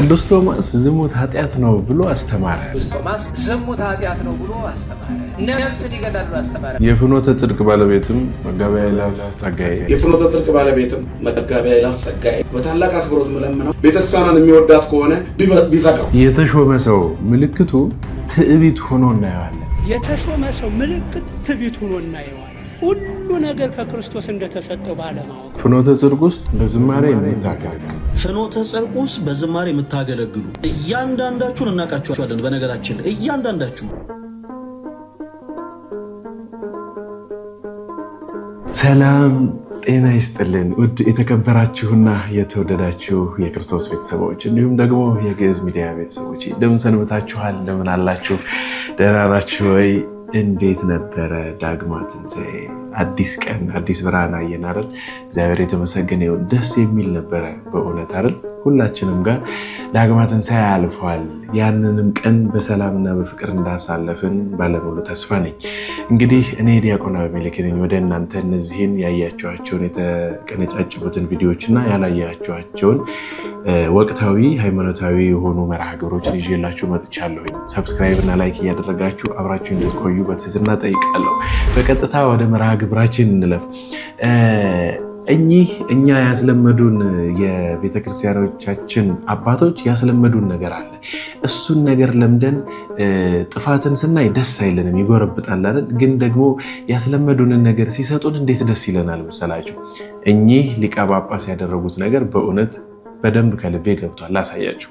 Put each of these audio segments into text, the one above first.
ቅዱስ ቶማስ ዝሙት ኃጢአት ነው ብሎ አስተማረ። ቶማስ ዝሙት ኃጢአት ነው ብሎ አስተማረ። ነፍስን ይገድላል አስተማረ። የፍኖተ ጽድቅ ባለቤትም መጋቤ ኃይላፍ ጸጋዬ የፍኖተ ጽድቅ ባለቤትም መጋቤ ኃይላፍ ጸጋዬ በታላቅ አክብሮት ምለምነው ቤተክርስቲያኗን የሚወዳት ከሆነ ቢዘጋው። የተሾመ ሰው ምልክቱ ትዕቢት ሆኖ እናየዋለን። የተሾመ ሰው ምልክት ትዕቢት ሆኖ እናየዋለን። ሁሉ ነገር ከክርስቶስ እንደተሰጠው ባለማወቅ ፍኖተ ጽድቅ ውስጥ በዝማሬ የምታገለግሉ ፍኖተ ጽድቅ ውስጥ በዝማሬ የምታገለግሉ እያንዳንዳችሁን እናውቃችኋለን። በነገራችን እያንዳንዳችሁ ሰላም ጤና ይስጥልን ውድ የተከበራችሁና የተወደዳችሁ የክርስቶስ ቤተሰቦች እንዲሁም ደግሞ የግዕዝ ሚዲያ ቤተሰቦች እንደምን ሰንብታችኋል? እንደምን አላችሁ? ደህና ናችሁ ወይ? እንዴት ነበረ ዳግማ ትንሣኤ? አዲስ ቀን አዲስ ብርሃን አየን አይደል? እግዚአብሔር የተመሰገነ ይሁን። ደስ የሚል ነበረ በእውነት አይደል? ሁላችንም ጋር ዳግማትን ትንሣኤ ያንንም ቀን በሰላምና በፍቅር እንዳሳለፍን ባለሙሉ ተስፋ ነኝ። እንግዲህ እኔ ዲያቆን አቤሜሌክ ነኝ። ወደ እናንተ እነዚህን ያያቸዋቸውን የተቀነጫጭቡትን ቪዲዮዎችና ያላያቸዋቸውን ወቅታዊ ሃይማኖታዊ የሆኑ መርሃ ግብሮችን ይዤላችሁ መጥቻለሁኝ። ሰብስክራይብ እና ላይክ እያደረጋችሁ አብራችሁ እንድትቆዩ በትህትና ጠይቃለሁ። በቀጥታ ወደ መርሃ ግብራችን እንለፍ። እኚህ እኛ ያስለመዱን የቤተ ክርስቲያኖቻችን አባቶች ያስለመዱን ነገር አለ። እሱን ነገር ለምደን ጥፋትን ስናይ ደስ አይለንም፣ ይጎረብጣል አይደል? ግን ደግሞ ያስለመዱንን ነገር ሲሰጡን እንዴት ደስ ይለናል መሰላችሁ። እኚህ ሊቀ ጳጳስ ያደረጉት ነገር በእውነት በደንብ ከልቤ ገብቷል። ላሳያችሁ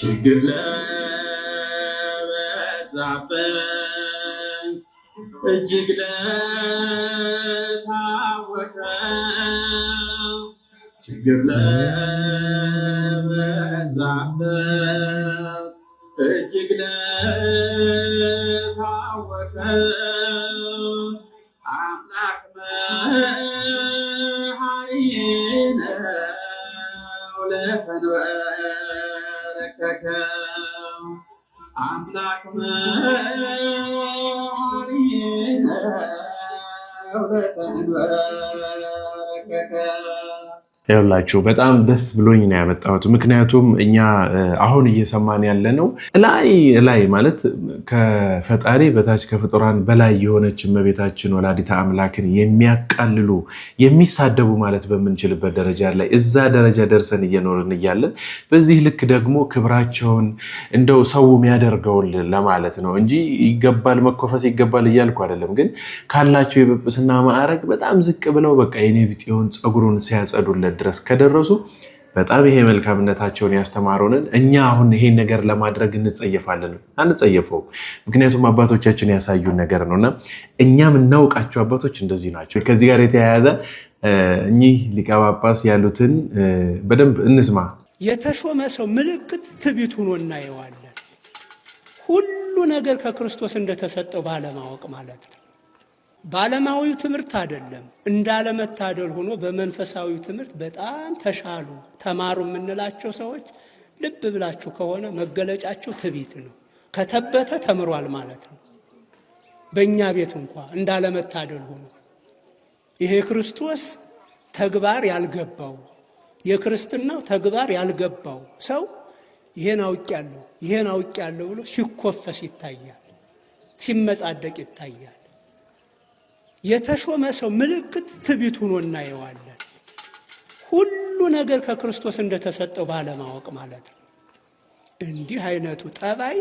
ችግር እጅግ ለታወቀው ችግር ለበዛበት እጅግ ለታወቀው አምላክ መሐሪ ነው ለተንበረከከው አምላክ وبارك ይኸውላችሁ በጣም ደስ ብሎኝ ነው ያመጣሁት። ምክንያቱም እኛ አሁን እየሰማን ያለ ነው ላይ ላይ ማለት ከፈጣሪ በታች ከፍጡራን በላይ የሆነች እመቤታችን ወላዲተ አምላክን የሚያቃልሉ የሚሳደቡ ማለት በምንችልበት ደረጃ ላይ እዛ ደረጃ ደርሰን እየኖርን እያለን በዚህ ልክ ደግሞ ክብራቸውን እንደው ሰው የሚያደርገውን ለማለት ነው እንጂ ይገባል መኮፈስ ይገባል እያልኩ አይደለም። ግን ካላቸው የጵጵስና ማዕረግ በጣም ዝቅ ብለው በቃ የኔ ቢጤውን ፀጉሩን ሲያጸዱልን እስከማለት ድረስ ከደረሱ በጣም ይሄ መልካምነታቸውን ያስተማረንን እኛ አሁን ይሄን ነገር ለማድረግ እንጸየፋለን። አንጸየፈው። ምክንያቱም አባቶቻችን ያሳዩን ነገር ነው እና እኛ የምናውቃቸው አባቶች እንደዚህ ናቸው። ከዚህ ጋር የተያያዘ እኚህ ሊቀ ጳጳስ ያሉትን በደንብ እንስማ። የተሾመ ሰው ምልክት ትቢት ሆኖ እናየዋለን። ሁሉ ነገር ከክርስቶስ እንደተሰጠው ባለማወቅ ማለት ነው። በዓለማዊ ትምህርት አይደለም እንዳለመታደል ሆኖ በመንፈሳዊ ትምህርት በጣም ተሻሉ ተማሩ የምንላቸው ሰዎች ልብ ብላችሁ ከሆነ መገለጫቸው ትቢት ነው። ከተበተ ተምሯል ማለት ነው። በእኛ ቤት እንኳ እንዳለመታደል ሆኖ ይሄ ክርስቶስ ተግባር ያልገባው የክርስትናው ተግባር ያልገባው ሰው ይሄን አውቄያለሁ ይሄን አውቄያለሁ ብሎ ሲኮፈስ ይታያል፣ ሲመጻደቅ ይታያል። የተሾመ ሰው ምልክት ትቢት ሆኖ እናየዋለን። ሁሉ ነገር ከክርስቶስ እንደተሰጠው ባለማወቅ ማለት ነው። እንዲህ አይነቱ ጠባይ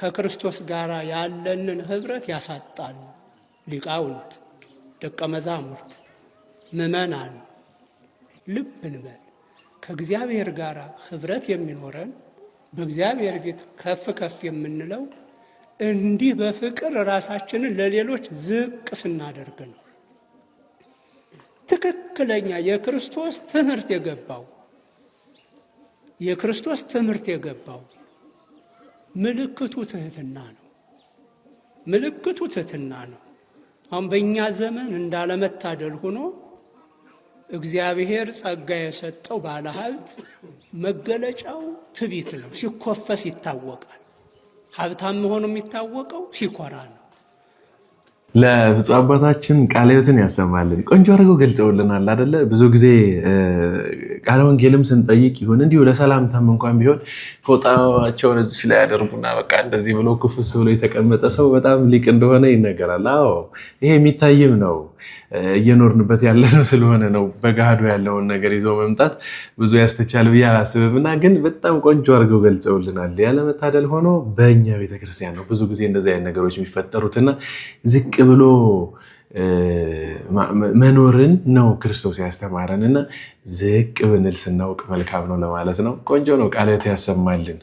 ከክርስቶስ ጋር ያለንን ኅብረት ያሳጣል። ሊቃውንት፣ ደቀ መዛሙርት፣ ምእመናን ልብ እንበል። ከእግዚአብሔር ጋር ኅብረት የሚኖረን በእግዚአብሔር ፊት ከፍ ከፍ የምንለው እንዲህ በፍቅር ራሳችንን ለሌሎች ዝቅ ስናደርግ ነው ትክክለኛ የክርስቶስ ትምህርት የገባው የክርስቶስ ትምህርት የገባው ምልክቱ ትህትና ነው። ምልክቱ ትህትና ነው። አሁን በእኛ ዘመን እንዳለመታደል ሆኖ እግዚአብሔር ጸጋ የሰጠው ባለሀብት መገለጫው ትቢት ነው። ሲኮፈስ ይታወቃል። ሀብታም መሆኑ የሚታወቀው ሲኮራ ነው። ለብፁዕ አባታችን ቃለ ሕይወትን ያሰማልን። ቆንጆ አድርገው ገልጸውልናል አደለ? ብዙ ጊዜ ቃለ ወንጌልም ስንጠይቅ ይሁን እንዲሁ ለሰላምታም እንኳን ቢሆን ፎጣቸውን እዚች ላይ ያደርጉና በቃ እንደዚህ ብሎ ክፉስ ብሎ የተቀመጠ ሰው በጣም ሊቅ እንደሆነ ይነገራል። አዎ ይሄ የሚታይም ነው። እየኖርንበት ነው ስለሆነ ነው። በገሃዱ ያለውን ነገር ይዞ መምጣት ብዙ ያስተቻል ብዬ አላስብም እና ግን በጣም ቆንጆ አድርገው ገልጸውልናል። ያለመታደል ሆኖ በእኛ ቤተክርስቲያን ነው ብዙ ጊዜ እንደዚህ አይነት ነገሮች የሚፈጠሩትና ዝቅ ብሎ መኖርን ነው ክርስቶስ ያስተማረን እና ዝቅ ብንል ስናውቅ መልካም ነው ለማለት ነው። ቆንጆ ነው። ቃለት ያሰማልን።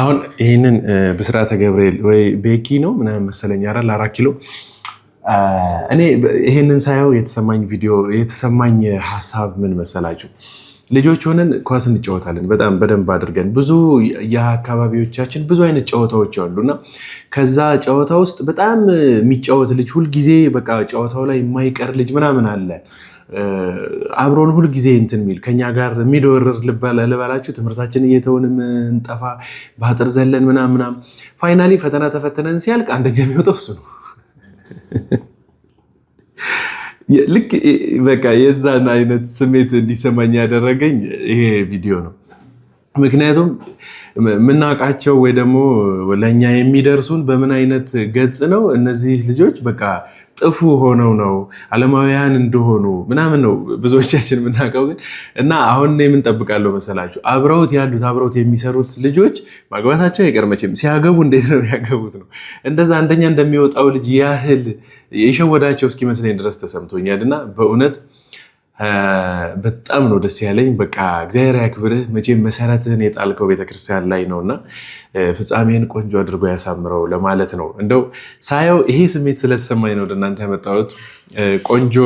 አሁን ይህንን ብስራተ ገብርኤል ወይ ቤኪ ነው ምናምን መሰለኝ አራል አራት ኪሎ እኔ ይሄንን ሳየው የተሰማኝ ቪዲዮ የተሰማኝ ሀሳብ ምን መሰላችሁ? ልጆች ሆነን ኳስ እንጫወታለን በጣም በደንብ አድርገን ብዙ የአካባቢዎቻችን ብዙ አይነት ጨዋታዎች አሉ እና ከዛ ጨዋታ ውስጥ በጣም የሚጫወት ልጅ ሁልጊዜ በቃ ጨዋታው ላይ የማይቀር ልጅ ምናምን አለ አብሮን ሁል ጊዜ እንትን የሚል ከኛ ጋር የሚደወርር ልበላችሁ ትምህርታችን እየተውን ምንጠፋ በአጥር ዘለን ምናም ምናም ፋይናሊ ፈተና ተፈተነን ሲያልቅ አንደኛ የሚወጣው እሱ ነው። ልክ በቃ የዛን አይነት ስሜት እንዲሰማኝ ያደረገኝ ይሄ ቪዲዮ ነው። ምክንያቱም የምናውቃቸው ወይ ደግሞ ለእኛ የሚደርሱን በምን አይነት ገጽ ነው እነዚህ ልጆች በቃ ጥፉ ሆነው ነው አለማውያን እንደሆኑ ምናምን ነው ብዙዎቻችን የምናውቀው። ግን እና አሁን ምን ጠብቃለሁ መሰላችሁ? አብረውት ያሉት አብረውት የሚሰሩት ልጆች ማግባታቸው አይቀር መቼም። ሲያገቡ እንዴት ነው ያገቡት ነው እንደዛ አንደኛ እንደሚወጣው ልጅ ያህል የሸወዳቸው እስኪመስለኝ ድረስ ተሰምቶኛል እና በእውነት በጣም ነው ደስ ያለኝ። በቃ እግዚአብሔር ያክብርህ። መቼም መሰረትህን የጣልከው ቤተክርስቲያን ላይ ነውእና ፍጻሜን ቆንጆ አድርጎ ያሳምረው ለማለት ነው። እንደው ሳየው ይሄ ስሜት ስለተሰማኝ ነው ወደ እናንተ ያመጣሁት። ቆንጆ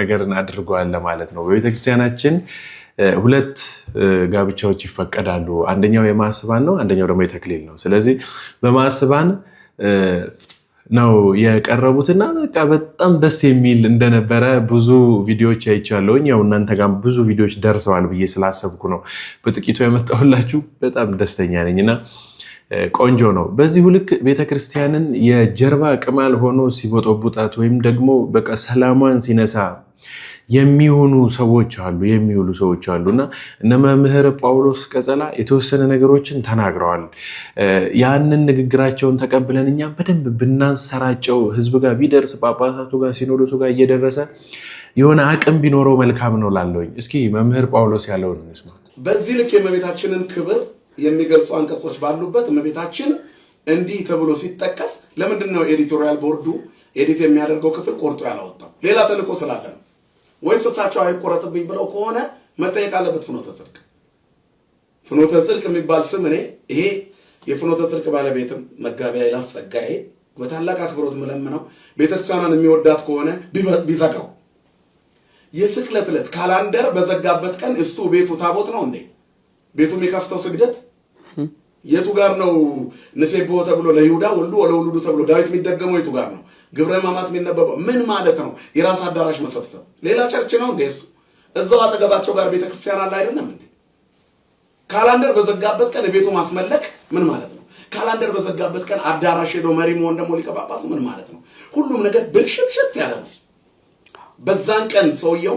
ነገርን አድርጓል ለማለት ነው። በቤተክርስቲያናችን ሁለት ጋብቻዎች ይፈቀዳሉ። አንደኛው የማስባን ነው፣ አንደኛው ደግሞ የተክሊል ነው። ስለዚህ በማስባን ነው የቀረቡትና በቃ በጣም ደስ የሚል እንደነበረ ብዙ ቪዲዮዎች አይቻለውኝ። ያው እናንተ ጋር ብዙ ቪዲዮዎች ደርሰዋል ብዬ ስላሰብኩ ነው በጥቂቱ ያመጣሁላችሁ። በጣም ደስተኛ እና ቆንጆ ነው። በዚሁ ልክ ቤተክርስቲያንን የጀርባ ቅማል ሆኖ ሲቦጠቡጣት ወይም ደግሞ በቃ ሰላሟን ሲነሳ የሚሆኑ ሰዎች አሉ የሚውሉ ሰዎች አሉ እና እነ መምህር ጳውሎስ ቀጸላ የተወሰነ ነገሮችን ተናግረዋል። ያንን ንግግራቸውን ተቀብለን እኛም በደንብ ብናንሰራጨው ህዝብ ጋር ቢደርስ ጳጳሳቱ ጋር ሲኖዶሱ ጋር እየደረሰ የሆነ አቅም ቢኖረው መልካም ነው ላለውኝ። እስኪ መምህር ጳውሎስ ያለውን እንስማ። በዚህ ልክ የእመቤታችንን ክብር የሚገልጹ አንቀጾች ባሉበት እመቤታችን እንዲህ ተብሎ ሲጠቀስ ለምንድን ነው ኤዲቶሪያል ቦርዱ ኤዲት የሚያደርገው ክፍል ቆርጦ ያላወጣው? ሌላ ተልዕኮ ስላለ ነው። ወይስ እሳቸው አይቆረጥብኝ ብለው ከሆነ መጠየቅ አለበት ፍኖተ ጽድቅ። ፍኖተ ጽድቅ የሚባል ስም እኔ ይሄ የፍኖተ ጽድቅ ባለቤትም መጋቢያ ይላፍ ጸጋዬ በታላቅ አክብሮት ምለምነው ቤተክርስቲያኗን የሚወዳት ከሆነ ቢዘጋው የስቅለት ዕለት ካላንደር በዘጋበት ቀን እሱ ቤቱ ታቦት ነው እንዴ? ቤቱ የሚከፍተው ስግደት የቱ ጋር ነው? ንሴብሖ ተብሎ ለይሁዳ ወልዱ ወለውሉዱ ተብሎ ዳዊት የሚደገመው የቱ ጋር ነው? ግብረ ሕማማት የሚነበበው ምን ማለት ነው? የራስ አዳራሽ መሰብሰብ ሌላ ቸርች ነው እንዴ? እሱ እዛው አጠገባቸው ጋር ቤተክርስቲያን አለ አይደለም እንዴ? ካላንደር በዘጋበት ቀን ቤቱ ማስመለክ ምን ማለት ነው? ካላንደር በዘጋበት ቀን አዳራሽ ሄዶ መሪ መሆን ደግሞ ሊቀ ጳጳሱ ምን ማለት ነው? ሁሉም ነገር ብልሽትሽት ያለ ነው። በዛን ቀን ሰውየው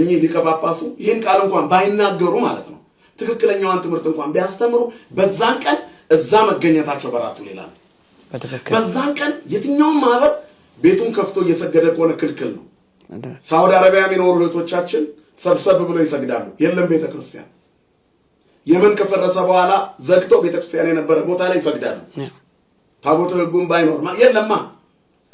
እኚህ ሊቀ ጳጳሱ ይህን ቃል እንኳን ባይናገሩ ማለት ነው ትክክለኛዋን ትምህርት እንኳን ቢያስተምሩ በዛን ቀን እዛ መገኘታቸው በራሱ ሌላ ነው። በዛን ቀን የትኛውም ማህበር ቤቱን ከፍቶ እየሰገደ ከሆነ ክልክል ነው። ሳውዲ አረቢያ የሚኖሩ እህቶቻችን ሰብሰብ ብለው ይሰግዳሉ። የለም ቤተ ክርስቲያን የመን ከፈረሰ በኋላ ዘግቶ ቤተ ክርስቲያን የነበረ ቦታ ላይ ይሰግዳሉ። ታቦተ ሕጉም ባይኖርማ የለማ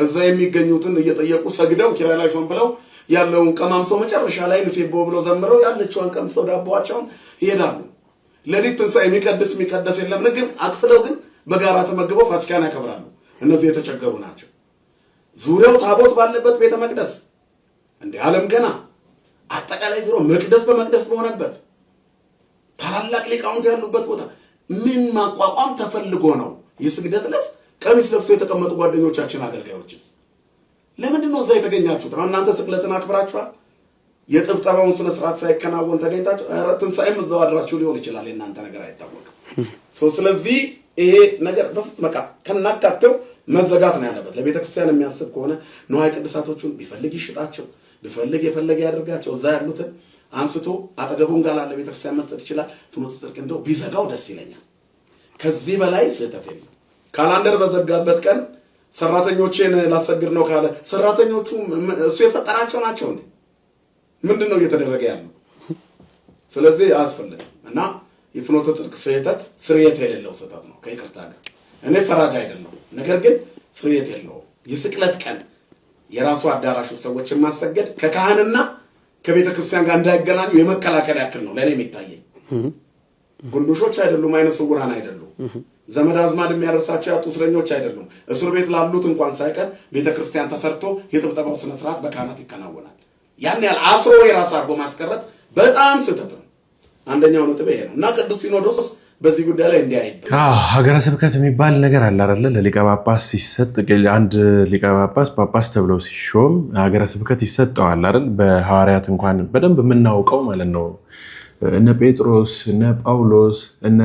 እዛ የሚገኙትን እየጠየቁ ሰግደው ኪራይ ላይ ሶን ብለው ያለውን ቀማምሰው መጨረሻ ላይ ንሴቦ ብለው ዘምረው ያለችዋን ቀምሰው ዳቦዋቸውን ይሄዳሉ። ሌሊት ትንሣኤ የሚቀድስ የሚቀደስ የለም። ግን አክፍለው ግን በጋራ ተመግበው ፋሲካን ያከብራሉ። እነዚህ የተቸገሩ ናቸው። ዙሪያው ታቦት ባለበት ቤተ መቅደስ እንደ ዓለም ገና አጠቃላይ ዙሮ መቅደስ በመቅደስ በሆነበት ታላላቅ ሊቃውንት ያሉበት ቦታ ምን ማቋቋም ተፈልጎ ነው? የስግደት ዕለት ቀሚስ ለብሰው የተቀመጡ ጓደኞቻችን አገልጋዮችስ ለምንድን ነው እዛ የተገኛችሁት? እናንተ ስቅለትን አክብራችኋል። የጥብጠባውን ስነ ስርዓት ሳይከናወን ተገኝታችሁ ትንሣኤም እዛው አድራችሁ ሊሆን ይችላል። የእናንተ ነገር አይታወቅም። ስለዚህ ይሄ ነገር በፍጹም በቃ ከናካቴው መዘጋት ነው ያለበት። ለቤተ ክርስቲያን የሚያስብ ከሆነ ንዋየ ቅድሳቶቹን ቢፈልግ ይሽጣቸው፣ ቢፈልግ የፈለገ ያደርጋቸው። እዛ ያሉትን አንስቶ አጠገቡን ጋር ላለ ቤተ ክርስቲያን መስጠት ይችላል። ፍኖተ ጽድቅ እንደው ቢዘጋው ደስ ይለኛል። ከዚህ በላይ ስህተት የለም። ካላንደር በዘጋበት ቀን ሰራተኞቼን ላሰግድ ነው ካለ ሰራተኞቹ እሱ የፈጠራቸው ናቸው። ምንድን ነው እየተደረገ ያለው? ስለዚህ አያስፈልግም እና የፍኖተ ጽድቅ ስህተት ስርየት የሌለው ስህተት ነው ከይቅርታ ጋር እኔ ፈራጅ አይደለሁ፣ ነገር ግን ስርየት የለውም። የስቅለት ቀን የራሱ አዳራሹ ሰዎችን ማሰገድ ከካህንና ከቤተ ክርስቲያን ጋር እንዳይገናኙ የመከላከል ያክል ነው ለእኔ የሚታየኝ። ጉንዶሾች አይደሉም፣ አይነ ስውራን አይደሉም፣ ዘመድ አዝማድ የሚያደርሳቸው ያጡ እስረኞች አይደሉም። እስር ቤት ላሉት እንኳን ሳይቀር ቤተ ክርስቲያን ተሰርቶ የጥብጠባው ስነስርዓት በካህናት ይከናወናል። ያን ያህል አስሮ የራስ አድርጎ ማስቀረት በጣም ስህተት ነው። አንደኛው ነጥብ ይሄ ነው እና ቅዱስ ሲኖዶስ በዚህ ጉዳይ ላይ እንዲህ አይባልም። ሀገረ ስብከት የሚባል ነገር አለ አይደለ? ለሊቀ ጳጳስ ሲሰጥ አንድ ሊቀ ጳጳስ ጳጳስ ተብለው ሲሾም ሀገረ ስብከት ይሰጠዋል አይደል? በሐዋርያት እንኳን በደንብ የምናውቀው ማለት ነው። እነ ጴጥሮስ፣ እነ ጳውሎስ፣ እነ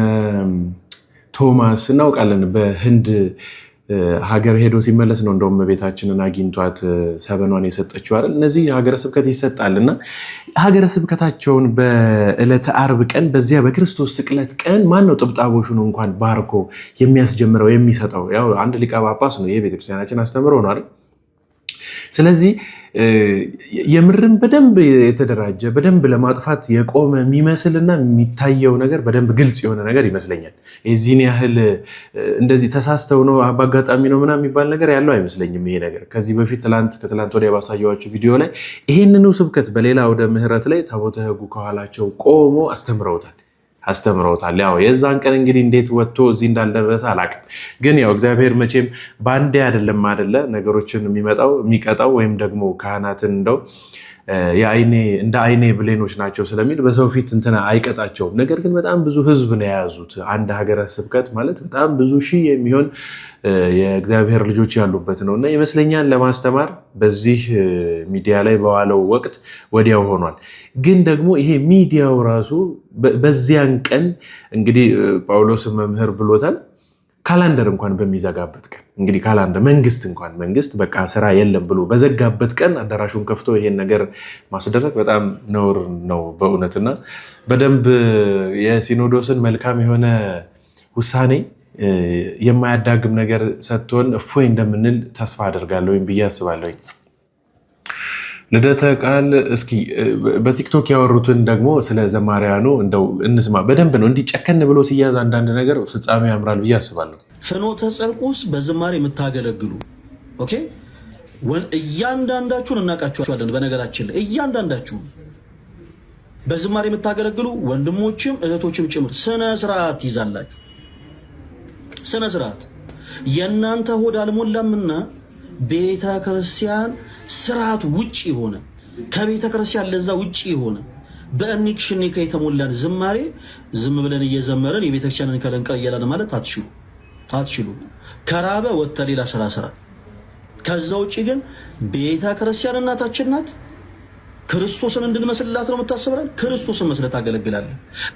ቶማስ እናውቃለን በህንድ ሀገር ሄዶ ሲመለስ ነው እንደውም ቤታችንን አግኝቷት ሰበኗን የሰጠችው አይደል? እነዚህ ሀገረ ስብከት ይሰጣል እና ሀገረ ስብከታቸውን በዕለተ አርብ ቀን በዚያ በክርስቶስ ስቅለት ቀን ማን ነው ጥብጣቦሹን እንኳን ባርኮ የሚያስጀምረው የሚሰጠው? ያው አንድ ሊቀ ጳጳስ ነው። ይሄ ቤተክርስቲያናችን አስተምሮ ነው አይደል? ስለዚህ የምርም በደንብ የተደራጀ በደንብ ለማጥፋት የቆመ የሚመስልና የሚታየው ነገር በደንብ ግልጽ የሆነ ነገር ይመስለኛል። የዚህን ያህል እንደዚህ ተሳስተው ነው በአጋጣሚ ነው ምናምን የሚባል ነገር ያለው አይመስለኝም። ይሄ ነገር ከዚህ በፊት ትላንት ከትላንት ወዲያ ባሳየኋችሁ ቪዲዮ ላይ ይህንኑ ስብከት በሌላ ወደ ምህረት ላይ ታቦተ ሕጉ ከኋላቸው ቆሞ አስተምረውታል። አስተምረውታል። ያው የዛን ቀን እንግዲህ እንዴት ወጥቶ እዚህ እንዳልደረሰ አላውቅም። ግን ያው እግዚአብሔር መቼም በአንዴ አይደለም አደለ ነገሮችን የሚመጣው የሚቀጣው ወይም ደግሞ ካህናትን እንደው እንደ አይኔ ብሌኖች ናቸው ስለሚል በሰው ፊት እንትን አይቀጣቸውም። ነገር ግን በጣም ብዙ ህዝብ ነው የያዙት። አንድ ሀገረ ስብከት ማለት በጣም ብዙ ሺህ የሚሆን የእግዚአብሔር ልጆች ያሉበት ነው እና ይመስለኛል ለማስተማር በዚህ ሚዲያ ላይ በዋለው ወቅት ወዲያው ሆኗል። ግን ደግሞ ይሄ ሚዲያው ራሱ በዚያን ቀን እንግዲህ ጳውሎስ መምህር ብሎታል፣ ካላንደር እንኳን በሚዘጋበት ቀን እንግዲህ ካላንድ መንግስት እንኳን መንግስት በቃ ስራ የለም ብሎ በዘጋበት ቀን አዳራሹን ከፍቶ ይሄን ነገር ማስደረግ በጣም ነውር ነው በእውነትና በደንብ የሲኖዶስን መልካም የሆነ ውሳኔ የማያዳግም ነገር ሰጥቶን እፎይ እንደምንል ተስፋ አደርጋለሁ ብዬ አስባለሁኝ። ልደተ ቃል እስኪ በቲክቶክ ያወሩትን ደግሞ ስለ ዘማሪያኑ እንደው እንስማ። በደንብ ነው እንዲህ ጨከን ብሎ ሲያዝ አንዳንድ ነገር ፍጻሜ ያምራል ብዬ አስባለሁ። ፍኖተ ጽድቅ ውስጥ በዝማሬ የምታገለግሉ ኦኬ፣ እያንዳንዳችሁን እናውቃችኋለን። በነገራችን ላይ እያንዳንዳችሁን በዝማሬ የምታገለግሉ ወንድሞችም እህቶችም ጭምር ስነ ስርዓት ይዛላችሁ። ስነ ስርዓት የእናንተ ሆድ አልሞላምና ቤተ ክርስቲያን ስርዓት ውጭ የሆነ ከቤተ ክርስቲያን ለዛ ውጭ የሆነ በእኒክ የተሞላን ዝማሬ ዝም ብለን እየዘመረን የቤተክርስቲያንን ከለንቀር እያለን ማለት አትችሉ። አትችሉ ከራበ ወጥተ ሌላ ስራ ስራ። ከዛ ውጭ ግን ቤተ ክርስቲያን እናታችን ናት። ክርስቶስን እንድንመስልላት ነው የምታስብላል። ክርስቶስን መስለት አገለግላለ።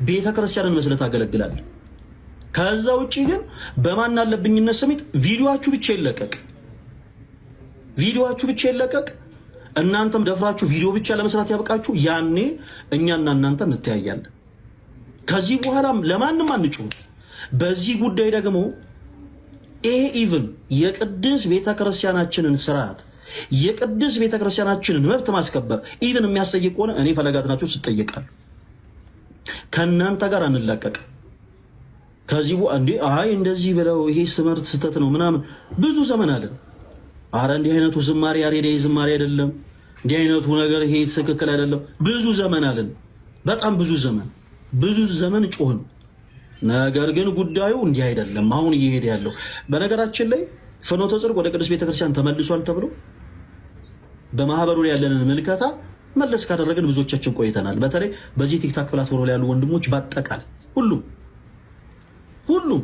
ቤተ ክርስቲያንን መስለት አገለግላለ። ከዛ ውጭ ግን በማን አለብኝነት ስሜት ቪዲዮችሁ ብቻ ይለቀቅ፣ ቪዲዮችሁ ብቻ ይለቀቅ። እናንተም ደፍራችሁ ቪዲዮ ብቻ ለመስራት ያብቃችሁ። ያኔ እኛና እናንተ እንተያያለን። ከዚህ በኋላም ለማንም አንጩ። በዚህ ጉዳይ ደግሞ ይሄ ኢቭን የቅድስ ቤተክርስቲያናችንን ስርዓት የቅድስ ቤተክርስቲያናችንን መብት ማስከበር ኢቭን የሚያሰይቅ ከሆነ እኔ ፈለጋት ናቸው ስጠይቃል። ከእናንተ ጋር አንላቀቅ። ከዚህ እንዲ አይ እንደዚህ ብለው ይሄ ትምህርት ስህተት ነው ምናምን ብዙ ዘመን አለን። አረ እንዲህ አይነቱ ዝማሬ ያሬዳዊ ዝማሬ አይደለም፣ እንዲህ አይነቱ ነገር ይሄ ትክክል አይደለም። ብዙ ዘመን አለን፣ በጣም ብዙ ዘመን ብዙ ዘመን ጮህን። ነገር ግን ጉዳዩ እንዲህ አይደለም አሁን እየሄደ ያለው። በነገራችን ላይ ፍኖተ ጽድቅ ወደ ቅዱስ ቤተክርስቲያን ተመልሷል ተብሎ በማህበሩ ላይ ያለንን ምልከታ መለስ ካደረግን ብዙዎቻችን ቆይተናል። በተለይ በዚህ ቲክታክ ፕላትፎርም ላይ ያሉ ወንድሞች ባጠቃል ሁሉም ሁሉም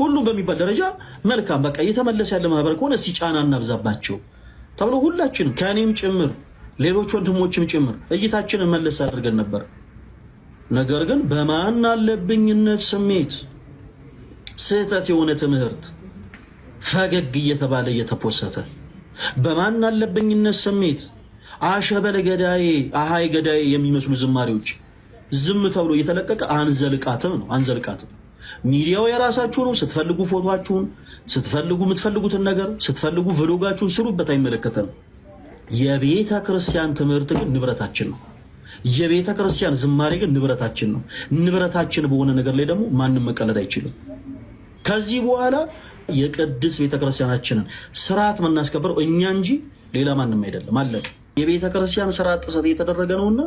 ሁሉም በሚባል ደረጃ መልካም በቃ እየተመለሰ ያለ ማህበር ከሆነ እስኪ ጫና እናብዛባቸው ተብሎ ሁላችንም ከእኔም ጭምር ሌሎች ወንድሞችም ጭምር እይታችንን መለስ አድርገን ነበር። ነገር ግን በማን አለብኝነት ስሜት ስህተት የሆነ ትምህርት ፈገግ እየተባለ እየተፖሰተ በማን አለብኝነት ስሜት አሸበለ ገዳዬ አሃይ ገዳዬ የሚመስሉ ዝማሬዎች ዝም ተብሎ እየተለቀቀ አንዘልቃትም ነው አንዘልቃትም። ሚዲያው የራሳችሁ ነው። ስትፈልጉ ፎቶችሁን፣ ስትፈልጉ የምትፈልጉትን ነገር፣ ስትፈልጉ ቪሎጋችሁን ስሩበት፣ አይመለከተንም። የቤተ ክርስቲያን ትምህርት ግን ንብረታችን ነው። የቤተ ክርስቲያን ዝማሬ ግን ንብረታችን ነው። ንብረታችን በሆነ ነገር ላይ ደግሞ ማንም መቀለድ አይችልም። ከዚህ በኋላ የቅድስት ቤተ ክርስቲያናችንን ስርዓት የምናስከብረው እኛ እንጂ ሌላ ማንም አይደለም። አለቅ የቤተ ክርስቲያን ስርዓት ጥሰት እየተደረገ ነውና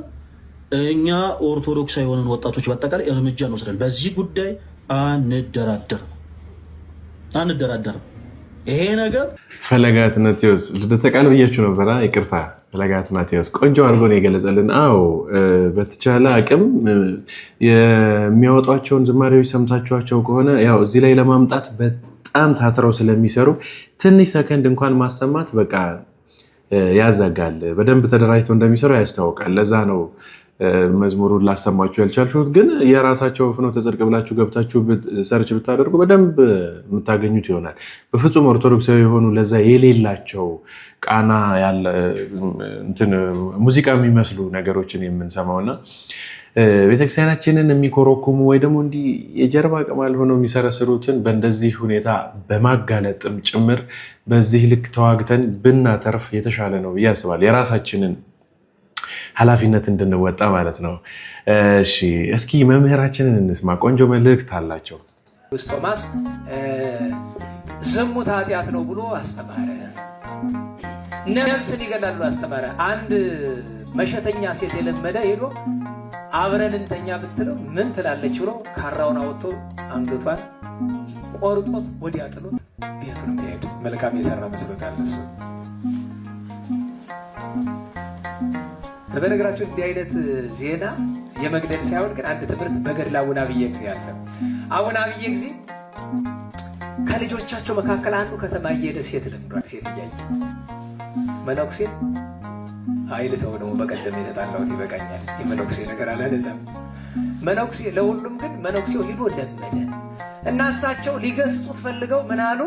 እኛ ኦርቶዶክስ የሆነን ወጣቶች በአጠቃላይ እርምጃ እንወስዳለን። በዚህ ጉዳይ አንደራደርም አንደራደርም። ይሄ ነገር ፈለገ አትናቴዎስ ልደተ ቃል ብያችሁ ነበረ። ይቅርታ ፈለገ አትናቴዎስ ቆንጆ አድርጎ ነው የገለጸልን። አዎ በተቻለ አቅም የሚያወጧቸውን ዝማሬዎች ሰምታችኋቸው ከሆነ ያው እዚህ ላይ ለማምጣት በጣም ታትረው ስለሚሰሩ ትንሽ ሰከንድ እንኳን ማሰማት በቃ ያዘጋል። በደንብ ተደራጅተው እንደሚሰሩ ያስታውቃል። ለዛ ነው መዝሙሩን ላሰማችሁ ያልቻልችሁት ግን የራሳቸው ፍኖተ ጽድቅ ብላችሁ ገብታችሁ ሰርች ብታደርጉ በደንብ የምታገኙት ይሆናል። በፍጹም ኦርቶዶክሳዊ የሆኑ ለዛ የሌላቸው ቃና ሙዚቃ የሚመስሉ ነገሮችን የምንሰማውና ቤተክርስቲያናችንን የሚኮረኩሙ ወይ ደግሞ እንዲህ የጀርባ ቅማል ሆነው የሚሰረስሩትን በእንደዚህ ሁኔታ በማጋለጥም ጭምር በዚህ ልክ ተዋግተን ብናተርፍ የተሻለ ነው ብዬ አስባለሁ የራሳችንን ኃላፊነት እንድንወጣ ማለት ነው። እሺ እስኪ መምህራችንን እንስማ። ቆንጆ መልእክት አላቸው። ቶማስ ዝሙት ኃጢአት ነው ብሎ አስተማረ። ነፍስን ይገላሉ አስተማረ። አንድ መሸተኛ ሴት የለመደ ሄዶ አብረን እንተኛ ብትለው ምን ትላለች ብሎ ካራውን አወጥቶ አንገቷን ቆርጦት ወዲያ ጥሎት ቤቱን ሄድ መልካም የሰራ መስሎታል እሱ በነገራችሁ እንዲህ አይነት ዜና የመግደል ሳይሆን ግን አንድ ትምህርት በገድል አቡነ አብየ ጊዜ አለ። አቡነ አብየ ጊዜ ከልጆቻቸው መካከል አንዱ ከተማ እየሄደ ሴት ለምዷል። ሴት እያየ መነኩሴ አይል ተው ደግሞ በቀደም የተጣላሁት ይበቃኛል። የመነኩሴ ነገር አላለዛም። መነኩሴ ለሁሉም ግን መነኩሴው ሂዶ ለመደ እና እሳቸው ሊገስጹት ፈልገው ምናሉ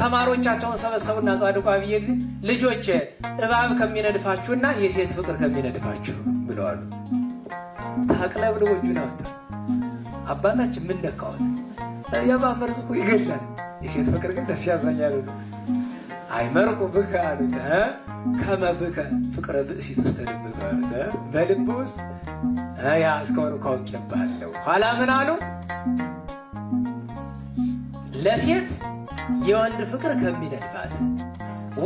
ተማሪዎቻቸውን ሰበሰቡና ጻድቁ አብየ ጊዜ ልጆች እባብ ከሚነድፋችሁና የሴት ፍቅር ከሚነድፋችሁ ብለዋሉ። ታቅለብ ልቦቹን አወጣ። አባታችን ምን ነካዎት? የእባብ መርዝ እኮ ይገላል፣ የሴት ፍቅር ግን ደስ ያሰኛል። አይመርቁ ብከ አሉት ከመብከ ፍቅረ ብእሲት ውስጥ ልብከ አሉት በልብ ውስጥ ያ እስከሆኑ ካወቅ ባለው ኋላ ምን አሉ ለሴት የወንድ ፍቅር ከሚነድፋት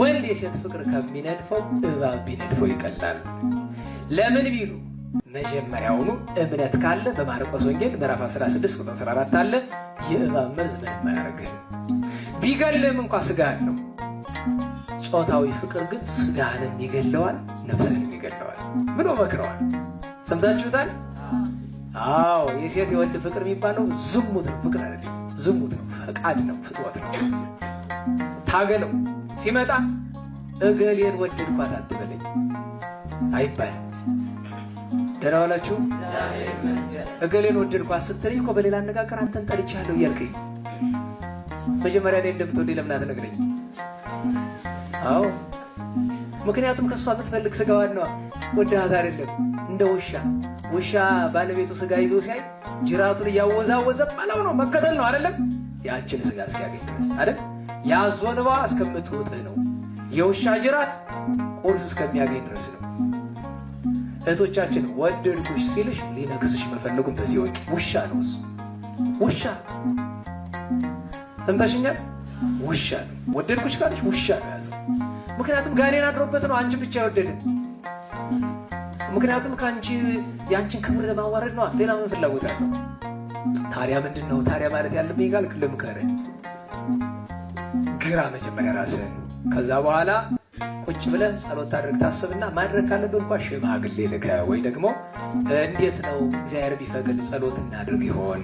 ወንድ የሴት ፍቅር ከሚነድፈው እባብ ቢነድፈው ይቀላል። ለምን ቢሉ መጀመሪያውኑ እምነት ካለ በማርቆስ ወንጌል ምዕራፍ 16 ቁጥር 14 አለ የእባብ መርዝ ምንም አያደርግህም። ቢገልም እንኳ ስጋ ነው። ጾታዊ ፍቅር ግን ስጋንም ይገለዋል፣ ነፍስንም ይገለዋል ብሎ መክረዋል። ሰምታችሁታል? አዎ የሴት የወንድ ፍቅር የሚባለው ዝሙት ነው፣ ፍቅር አይደለም። ዝሙት ነው፣ ፈቃድ ነው፣ ፍትወት ነው። ታገለው ሲመጣ እገሌን ወደድኳት አትበለኝ አይባልም። ደህና ዋላችሁ። እገሌን ወደድኳት ስትለኝ እኮ በሌላ አነጋገር አንተን ጠልቻለሁ እያልከኝ መጀመሪያ ላይ እንደምትወደኝ ለምን አትነግረኝ? አዎ ምክንያቱም ከእሷ የምትፈልግ ስጋዋን ነዋ። ወድሃት አይደለም እንደ ውሻ ውሻ ባለቤቱ ስጋ ይዞ ሲያይ ጅራቱን እያወዛወዘ ማለው ነው መከተል ነው አይደለም። ያችን ስጋ እስኪያገኝ ድረስ አይደል። ያዞንባ እስከምትወጥህ ነው። የውሻ ጅራት ቁርስ እስከሚያገኝ ድረስ ነው። እህቶቻችን ወደድኩሽ ሲልሽ ሊነክስሽ መፈለጉን በዚህ ወቅ ውሻ ነው እሱ ውሻ ሰምታሽኛል። ውሻ ነው ወደድኩሽ ካለሽ ውሻ ነው ያዘው። ምክንያቱም ጋኔን አድሮበት ነው አንቺ ብቻ ይወደድን ምክንያቱም ከአንቺ ያንቺን ክብር ለማዋረድ ነው። ሌላ ምን ፍላጎት አለው? ታዲያ ምንድን ነው ታዲያ ማለት ያለብኝ? ጋር ልምከር። ግራ መጀመሪያ ራስ ከዛ በኋላ ቁጭ ብለህ ጸሎት ታደርግ። ታስብና ማድረግ ካለብህ እንኳ ሽማግሌ ልከ ወይ ደግሞ እንዴት ነው እግዚአብሔር ቢፈቅድ ጸሎት እናድርግ ይሆን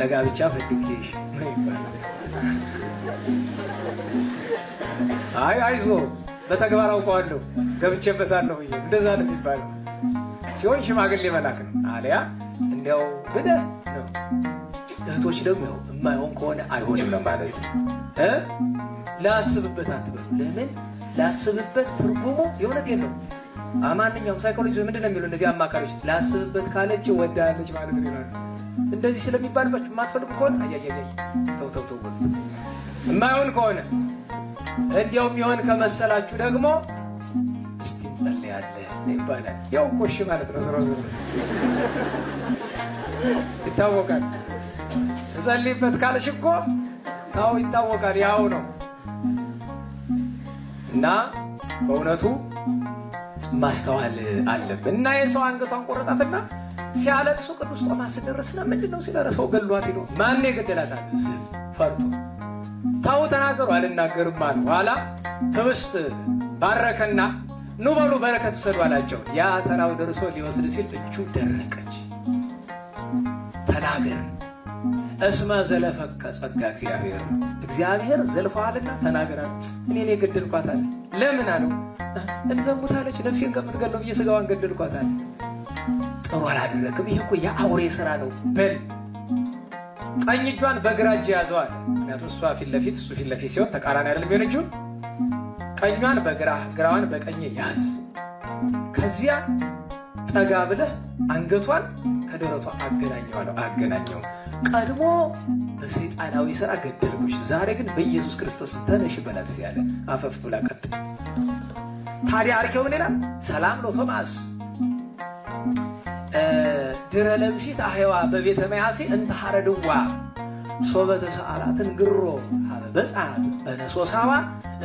ለጋብቻ ፈልጌሽ ይባላል? አይ አይዞ በተግባር አውቀዋለሁ ገብቼበታለሁ። እንደዛ ነው የሚባለው። ሲሆን ሽማግሌ መላክ ነው። አሊያ እንዲያው ብለ እህቶች ደግሞ ያው የማይሆን ከሆነ አይሆንም ነው ማለት እ ላስብበት አትበል። ለምን ላስብበት ትርጉሙ የእውነት የለው። ማንኛውም ሳይኮሎጂ ምንድን ነው የሚሉ እነዚህ አማካሪዎች ላስብበት ካለች ወዳለች ማለት ነው እንደዚህ ስለሚባልባቸው የማትፈልጉ ከሆነ አያያያይ ተውተውተው የማይሆን ከሆነ እንዲያውም የሆን ከመሰላችሁ ደግሞ ትችላለህ ይባላል። ያው እኮ ማለት ነው። ዞሮ ዞሮ ይታወቃል። ትጸልይበት ካልሽ እኮ አዎ ይታወቃል። ያው ነው እና በእውነቱ ማስተዋል አለብን እና የሰው አንገቷን ቆረጣትና ሲያለቅሱ ቅዱስ ቶማስ ስደርስና ምንድን ነው ሲደረሰው ገሏት ነው ማን የገደላታል? ፈርቶ ታው ተናገሩ አልናገርም አሉ። ኋላ ህብስት ባረከና ኑ በሉ በረከት ውሰዱ አላቸው። ያ ተራው ደርሶ ሊወስድ ሲል እጁ ደረቀች። ተናገር እስመ ዘለፈከ ጸጋ እግዚአብሔር እግዚአብሔር ዘልፈዋልና ተናገራል። እኔ ኔ ገደልኳታል። ለምን አለው። እንዘሙታለች ነፍሴን ከምትገለው ብዬ ስጋዋን ገደልኳታል። ጥሩ አላደረግም። ይህ እኮ የአውሬ ስራ ነው። በል ቀኝ እጇን በግራ እጅ ያዘዋል። ምክንያቱም እሷ ፊት ለፊት እሱ ፊት ለፊት ሲሆን ተቃራኒ አይደለም የሆነችው ቀኟን በግራህ ግራዋን በቀኝ ያዝ። ከዚያ ጠጋ ብለህ አንገቷን ከደረቷ አገናኘዋለሁ አገናኘው። ቀድሞ በሰይጣናዊ ስራ ገደልኩሽ፣ ዛሬ ግን በኢየሱስ ክርስቶስ ተነሽ በላት ያለ አፈፍ ብላ ቀጥ ታዲያ አርኬውን ይላል ሰላም ነው ቶማስ ድረ ለምሲት አህዋ በቤተ መያሴ እንተ ሐረድዋ ሶበ ተሰዓላትን ግሮ በጻት በነሶሳዋ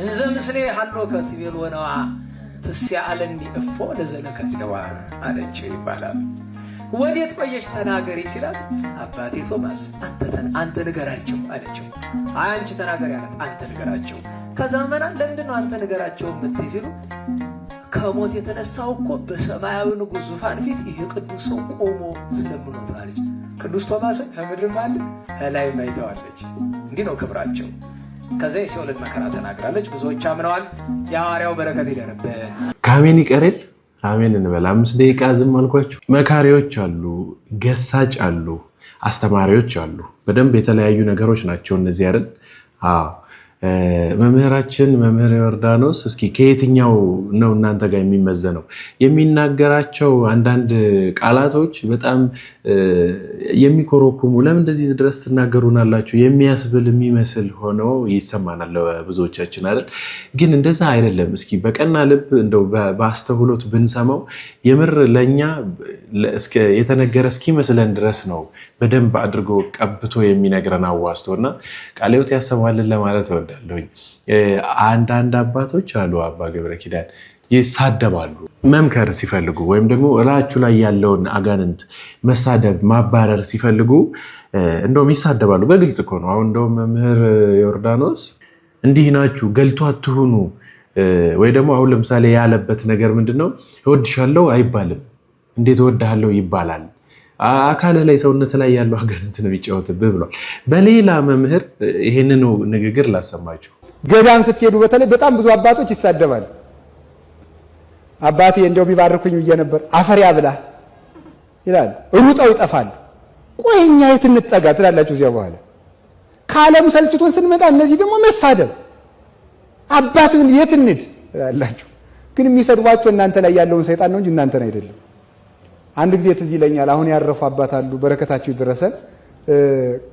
እንዘ ምስሌ ሀሎከ ትቤል ሆነዋ ትስያአለኒ እፎ ለዘለከ ለዘነከሴዋ አለችው ይባላል። ወዴት ቆየሽ ተናገሪ ሲላት አባቴ ቶማስ አንተ ንገራቸው አለችው። አንቺ ተናገሪ አላት፣ አንተ ንገራቸው። ከዛ ምዕመናን ለምንድን ነው አንተ ንገራቸው የምትይ ሲሉ ከሞት የተነሳው እኮ በሰማያዊ ንጉሥ ዙፋን ፊት ይህ ቅዱስ ሰው ቆሞ ስለምኖታለች ቅዱስ ቶማስን ከምድርም አለ ከላይ መይተዋለች። እንዲህ ነው ክብራቸው። ከዚ የሲኦልን መከራ ተናግራለች። ብዙዎች አምነዋል። የሐዋርያው በረከት ይደርብን። ከአሜን ይቀርል አሜን እንበል። አምስት ደቂቃ ዝም አልኳችሁ። መካሪዎች አሉ፣ ገሳጭ አሉ፣ አስተማሪዎች አሉ። በደንብ የተለያዩ ነገሮች ናቸው እነዚህ አይደል? መምህራችን መምህር ዮርዳኖስ እስኪ ከየትኛው ነው እናንተ ጋር የሚመዘነው? የሚናገራቸው አንዳንድ ቃላቶች በጣም የሚኮረኩሙ ለምን እንደዚህ ድረስ ትናገሩናላችሁ የሚያስብል የሚመስል ሆኖ ይሰማናል ብዙዎቻችን አይደል? ግን እንደዛ አይደለም። እስኪ በቀና ልብ እንደው በአስተውሎት ብንሰማው የምር ለእኛ የተነገረ እስኪመስለን ድረስ ነው በደንብ አድርጎ ቀብቶ የሚነግረን አዋስቶ እና ቃለ ሕይወት ያሰማልን ለማለት ነው። እወዳለሁኝ። አንዳንድ አባቶች አሉ አባ ገብረ ኪዳን ይሳደባሉ መምከር ሲፈልጉ ወይም ደግሞ እላችሁ ላይ ያለውን አጋንንት መሳደብ ማባረር ሲፈልጉ እንደውም ይሳደባሉ። በግልጽ እኮ ነው። አሁን እንደውም መምህር ዮርዳኖስ እንዲህ ናችሁ ገልቶ አትሁኑ ወይ ደግሞ አሁን ለምሳሌ ያለበት ነገር ምንድን ነው? እወድሻለሁ አይባልም። እንዴት እወድሃለሁ ይባላል። አካል ላይ ሰውነት ላይ ያለው አጋንንት ነው የሚጫወትብህ ብሏል። በሌላ መምህር ይህንኑ ንግግር ላሰማችሁ። ገዳም ስትሄዱ በተለይ በጣም ብዙ አባቶች ይሳደባል። አባቴ እንደው ቢባርኩኝ ብዬ ነበር አፈሪያ ብላ ይላል። ሩጠው ይጠፋል። ቆይ እኛ የት እንጠጋ ትላላችሁ። እዚያ በኋላ ከዓለም ሰልችቶን ስንመጣ እነዚህ ደግሞ መሳደብ አባት የት እንድ ትላላችሁ። ግን የሚሰድቧቸው እናንተ ላይ ያለውን ሰይጣን ነው እንጂ እናንተን አይደለም። አንድ ጊዜ ትዝ ይለኛል። አሁን ያረፉ አባት አሉ፣ በረከታቸው ይድረሰን።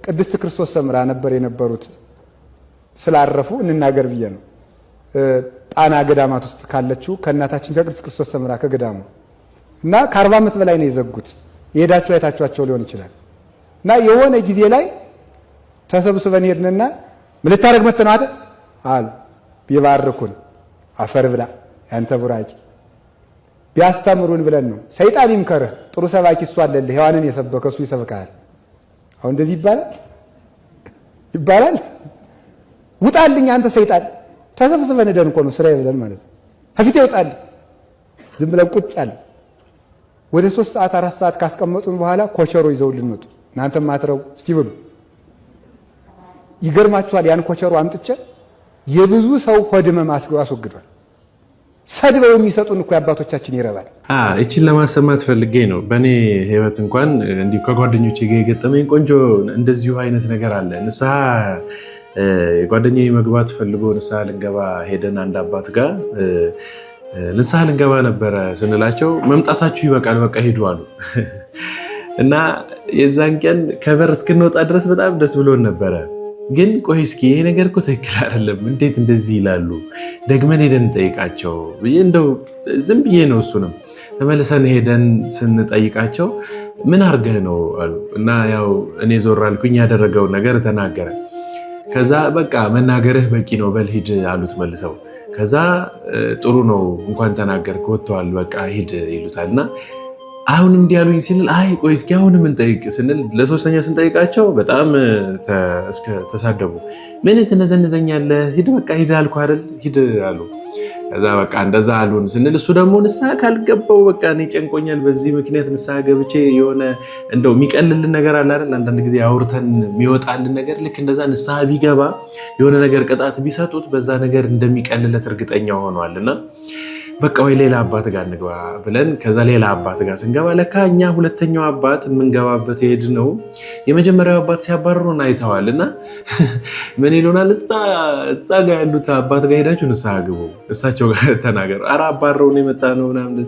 ቅድስት ክርስቶስ ሰምራ ነበር የነበሩት። ስላረፉ እንናገር ብዬ ነው። ጣና ገዳማት ውስጥ ካለችው ከእናታችን ከቅድስት ክርስቶስ ሰምራ ከገዳሙ እና ከአርባ ዓመት በላይ ነው የዘጉት። የሄዳችሁ አይታችኋቸው ሊሆን ይችላል። እና የሆነ ጊዜ ላይ ተሰብስበን ሄድንና ምልታረግ መተናት አሉ። ቢባርኩን አፈር ብላ ያንተ ቡራቂ ቢያስተምሩን ብለን ነው። ሰይጣን ይምከርህ፣ ጥሩ ሰባኪ እሱ አለልህ። ሔዋንን የሰበከ እሱ ይሰብካል። አሁን እንደዚህ ይባላል ይባላል። ውጣልኝ አንተ ሰይጣን። ተሰብስበን ሄደን እኮ ነው ስራ ብለን ማለት ነው። ከፊቴ ውጣልኝ። ዝም ብለን ቁጭ አለ። ወደ ሶስት ሰዓት አራት ሰዓት ካስቀመጡን በኋላ ኮቸሮ ይዘውልን መጡ። እናንተ ማትረቡ እስቲ ብሉ። ይገርማችኋል። ያን ኮቸሮ አምጥቼ የብዙ ሰው ሆድመም አስወግዷል። ሰድበው የሚሰጡን እኮ አባቶቻችን ይረባል። እችን ለማሰማት ፈልጌ ነው። በእኔ ህይወት እንኳን እንዲህ ከጓደኞች ጋር የገጠመኝ ቆንጆ እንደዚሁ አይነት ነገር አለ። ንስሐ የጓደኛ መግባት ፈልጎ ንስሐ ልንገባ ሄደን አንድ አባት ጋር ንስሐ ልንገባ ነበረ ስንላቸው መምጣታችሁ ይበቃል፣ በቃ ሂዱ አሉ እና የዛን ቀን ከበር እስክንወጣ ድረስ በጣም ደስ ብሎን ነበረ ግን ቆይ እስኪ ይሄ ነገር እኮ ትክክል አይደለም፣ እንዴት እንደዚህ ይላሉ፣ ደግመን ሄደን እንጠይቃቸው ብዬ እንደው ዝም ብዬ ነው። እሱንም ተመልሰን ሄደን ስንጠይቃቸው ምን አድርገህ ነው አሉ እና ያው እኔ ዞር አልኩኝ፣ ያደረገው ነገር ተናገረ። ከዛ በቃ መናገርህ በቂ ነው፣ በል ሂድ አሉት መልሰው። ከዛ ጥሩ ነው እንኳን ተናገርክ፣ ወጥተዋል፣ በቃ ሂድ ይሉታል እና አሁን እንዲህ አሉኝ ስንል አይ ቆይ እስኪ አሁን ጠይቅ ስንል ለሶስተኛ ስንጠይቃቸው በጣም ተሳደቡ። ምን ትነዘንዘኛለህ? ሂድ በቃ ሂድ አልኩ አይደል? ሂድ አሉ። ከዛ በቃ እንደዛ አሉን ስንል እሱ ደግሞ ንስሐ ካልገባው በቃ እኔ ጨንቆኛል፣ በዚህ ምክንያት ንስሐ ገብቼ የሆነ እንደው የሚቀልልን ነገር አለ አይደል? አንዳንድ ጊዜ አውርተን የሚወጣልን ነገር ልክ እንደዛ ንስሐ ቢገባ የሆነ ነገር ቅጣት ቢሰጡት በዛ ነገር እንደሚቀልለት እርግጠኛ ሆኗልና በቃ ወይ ሌላ አባት ጋር እንግባ ብለን ከዛ ሌላ አባት ጋር ስንገባ ለካ እኛ ሁለተኛው አባት የምንገባበት የሄድ ነው። የመጀመሪያው አባት ሲያባርሩን አይተዋል እና ምን ይሉናል? እዛ ጋ ያሉት አባት ጋር ሄዳችሁ ንስሐ ግቡ፣ እሳቸው ጋር ተናገሩ። ኧረ አባረውን የመጣ ነው ምናምን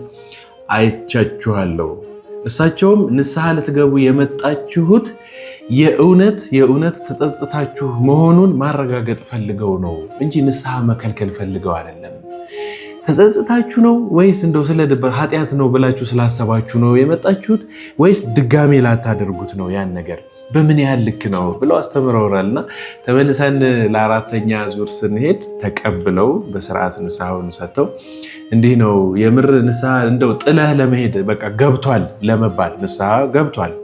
አይቻችኋለሁ። እሳቸውም ንስሐ ልትገቡ የመጣችሁት የእውነት የእውነት ተጸጽታችሁ መሆኑን ማረጋገጥ ፈልገው ነው እንጂ ንስሐ መከልከል ፈልገው አይደለም ተጸጽታችሁ ነው ወይስ እንደው ስለድበር ኃጢአት ነው ብላችሁ ስላሰባችሁ ነው የመጣችሁት ወይስ ድጋሜ ላታደርጉት ነው? ያን ነገር በምን ያህል ልክ ነው ብለው አስተምረውናል እና ተመልሰን ለአራተኛ ዙር ስንሄድ ተቀብለው በስርዓት ንስሐውን ሰጥተው እንዲህ ነው የምር ንስሐ እንደው ጥለህ ለመሄድ በቃ ገብቷል ለመባል ንስሐ ገብቷል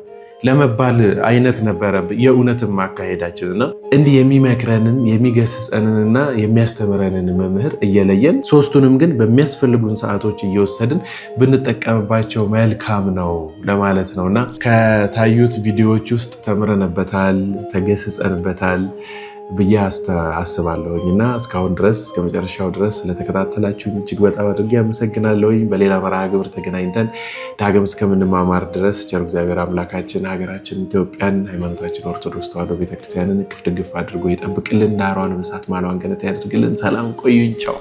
ለመባል አይነት ነበረ የእውነት ማካሄዳችን እና እንዲህ የሚመክረንን የሚገስጸንንና የሚያስተምረንን መምህር እየለየን ሶስቱንም ግን በሚያስፈልጉን ሰዓቶች እየወሰድን ብንጠቀምባቸው መልካም ነው ለማለት ነው እና ከታዩት ቪዲዮዎች ውስጥ ተምረንበታል፣ ተገስጸንበታል። ብዬ አስባለሁኝ እና እስካሁን ድረስ ከመጨረሻው ድረስ ስለተከታተላችሁ እጅግ በጣም አድርጌ አመሰግናለሁኝ። በሌላ መርሃ ግብር ተገናኝተን ዳግም እስከምንማማር ድረስ ቸር እግዚአብሔር አምላካችን ሀገራችን ኢትዮጵያን፣ ሃይማኖታችን ኦርቶዶክስ ተዋሕዶ ቤተክርስቲያንን እግፍ ግፍ አድርጎ ይጠብቅልን። ዳሯን በእሳት ማለዋን ገነት ያደርግልን። ሰላም ቆዩኝ። ቻው